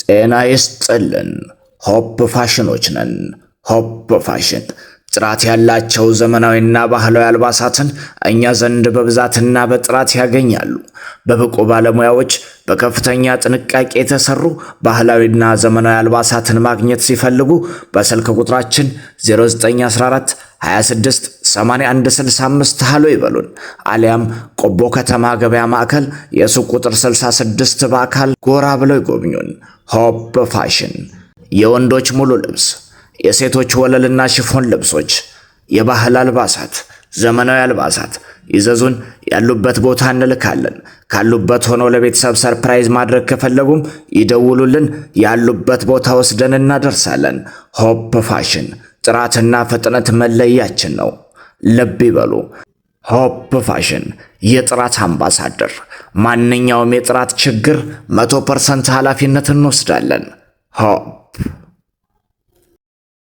ጤና ይስጥልን። ሆፕ ፋሽኖች ነን። ሆፕ ፋሽን ጥራት ያላቸው ዘመናዊና ባህላዊ አልባሳትን እኛ ዘንድ በብዛትና በጥራት ያገኛሉ። በብቁ ባለሙያዎች በከፍተኛ ጥንቃቄ የተሰሩ ባህላዊና ዘመናዊ አልባሳትን ማግኘት ሲፈልጉ በስልክ ቁጥራችን 0914 26 8165 ሃሎ ይበሉን አሊያም ቆቦ ከተማ ገበያ ማዕከል የሱቅ ቁጥር 66 በአካል ጎራ ብለው ይጎብኙን። ሆፕ ፋሽን የወንዶች ሙሉ ልብስ፣ የሴቶች ወለልና ሽፎን ልብሶች፣ የባህል አልባሳት፣ ዘመናዊ አልባሳት ይዘዙን። ያሉበት ቦታ እንልካለን። ካሉበት ሆኖ ለቤተሰብ ሰርፕራይዝ ማድረግ ከፈለጉም ይደውሉልን። ያሉበት ቦታ ወስደን እናደርሳለን። ሆፕ ፋሽን ጥራትና ፍጥነት መለያችን ነው። ልብ ይበሉ። ሆፕ ፋሽን የጥራት አምባሳደር። ማንኛውም የጥራት ችግር መቶ ፐርሰንት ኃላፊነት እንወስዳለን። ሆፕ